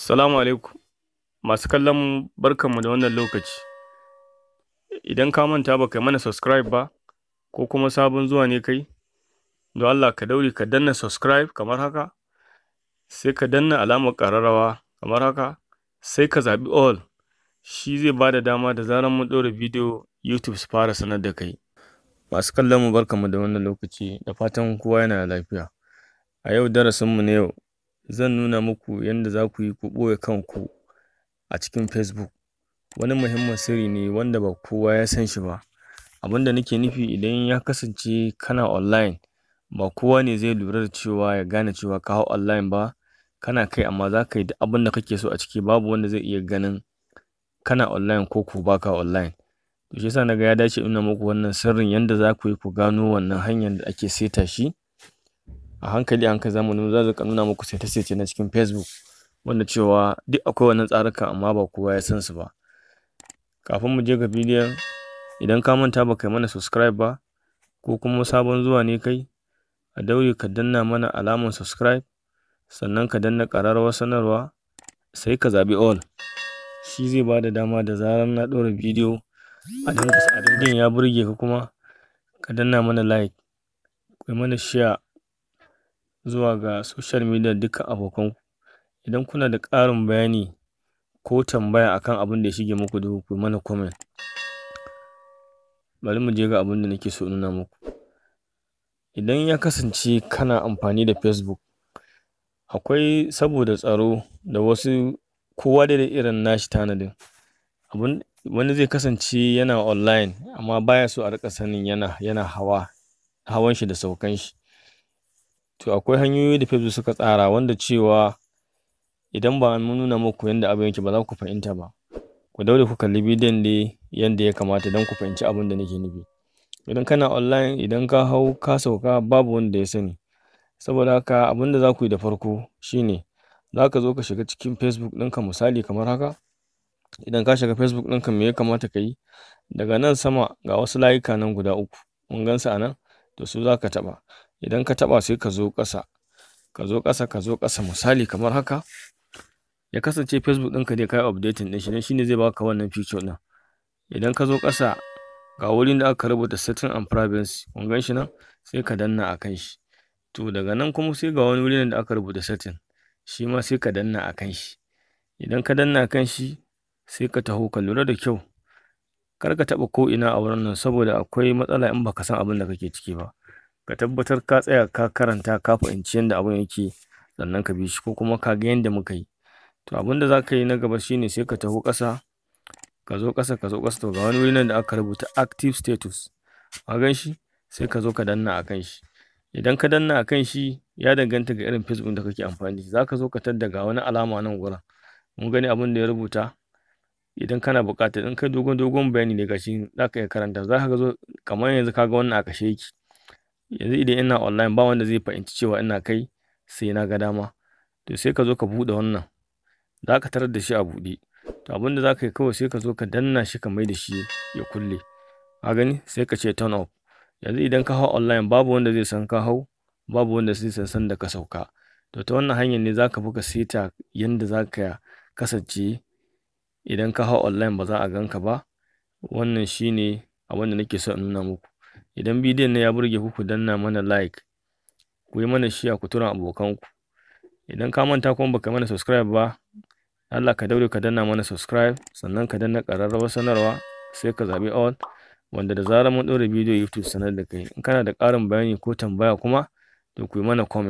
Salamu alaikum. Masu kallon barkanmu da wannan lokaci. Idan ka manta ba kai mana subscribe ba, ko kuma sabon zuwa ne kai, don Allah ka dauri ka danna subscribe kamar haka, sai ka danna alamar ƙararrawa kamar haka, sai ka zaɓi all. Shi zai ba da dama da zaran mun ɗora bidiyo YouTube su fara sanar da kai. Masu kallon mu barkanmu da wannan lokaci, da fatan kowa yana lafiya. A yau darasinmu na yau zan nuna muku yadda za ku yi ku ɓoye kanku a cikin facebook wani muhimmin sirri ne wanda ba kowa ya san shi ba abinda nake nufi idan ya kasance kana online ba kowa ne zai lura da cewa ya gane cewa ka hau online ba kana kai amma za ka yi duk abin da kake so a ciki babu wanda zai iya ganin kana online ko ko ka online to shi yasa ga ya dace in nuna muku wannan sirrin yanda za ku yi ku gano wannan hanyar da ake saita shi a hankali an hankali zamu nuna zan nuna muku sai ta sai na cikin facebook wanda cewa duk akwai wannan tsarukan amma ba kowa ya san su ba kafin mu je ga bidiyon idan ka manta ba kai mana subscribe ba ko kuma sabon zuwa ne kai a daure ka danna mana alamar subscribe sannan ka danna ƙararrawar sanarwa sai ka zaɓi all shi zai ba da dama da zarar na ɗora bidiyo a dinga ya burge ka kuma ka danna mana like kai mana share zuwa ga social media dukkan abokanku. Idan kuna da ƙarin bayani ko tambaya akan abin da ya shige muku duhu, ku mana comment. Bari mu je ga abin da nake so nuna muku. Idan ya kasance kana amfani da Facebook, akwai saboda tsaro da wasu kowa da irin nashi tanadin. Abun wani zai kasance yana online amma baya so a rika sanin yana, yana hawa, hawan shi da saukan shi. to akwai hanyoyi da facebook suka tsara wanda cewa idan ba mun nuna muku yanda abin yake ba za ku fahimta ba ku daure ku kalli bidiyon ne yadda ya kamata don ku fahimci abin da nake nufi idan kana online idan ka hau ka sauka babu wanda ya sani saboda haka abin da za ku yi da farko shine za ka zo ka shiga cikin facebook ɗinka misali kamar haka idan ka shiga facebook ɗinka me ya kamata ka yi daga nan sama ga wasu layuka nan guda uku mun gansu a nan to su za ka taɓa idan ka taɓa sai ka zo ƙasa ka zo ƙasa ka zo ƙasa misali kamar haka ya kasance facebook ɗinka ne kai updating ɗin shi dan shine zai baka wannan feature ɗin idan ka zo ƙasa ga wurin da aka rubuta setting and privacy kun gan shi nan sai ka danna a kan shi to daga nan kuma sai ga wani wurin da aka rubuta setting shi ma sai ka danna a kan shi idan ka danna a kan shi sai ka taho ka lura da kyau kar ka taɓa ko ina a wurin nan saboda akwai matsala in baka san abin da kake ciki ba ka tabbatar ka tsaya ka karanta ka fahimci yadda abun yake sannan ka bi shi ko kuma ka ga yadda muka yi to abin da za ka yi na gaba shine sai ka taho ƙasa ka zo ƙasa ka zo ƙasa to ga wani wuri nan da aka rubuta active status a gan shi sai ka zo ka danna a kan shi idan ka danna a kan shi ya danganta ga irin facebook da kake amfani za ka zo ka tadda ga wani alama nan wurin. mun gani abin da ya rubuta idan kana buƙata in kai dogon dogon bayani ne gashi za ka iya karanta za ka zo kamar yanzu ka ga wannan a kashe yake yanzu idan ina online ba wanda zai fahimci cewa ina kai sai na ga dama to sai ka zo ka buɗe wannan za ka tarar da shi a buɗe to abin da za ka yi kawai sai ka zo ka danna shi ka mai da shi ya kulle a gani sai ka ce turn off yanzu idan ka hau online babu wanda zai san ka hau babu wanda zai san san da ka sauka to ta wannan hanyar ne za ka fi ka seta yadda za ka kasance idan ka hau online ba za a ka ba wannan shine abin da nake so in nuna muku Idan bidiyon nan ya burge ku ku danna mana like, ku yi mana shiya ku tura abokanku. Idan ka manta kuma baka mana subscribe ba, Allah ka daure ka danna mana subscribe sannan ka danna ƙararrawar sanarwa sai ka zaɓi all wanda da zarar mun ɗora bidiyo YouTube sanar da kai. In kana da ƙarin bayani ko tambaya kuma to ku yi mana comment.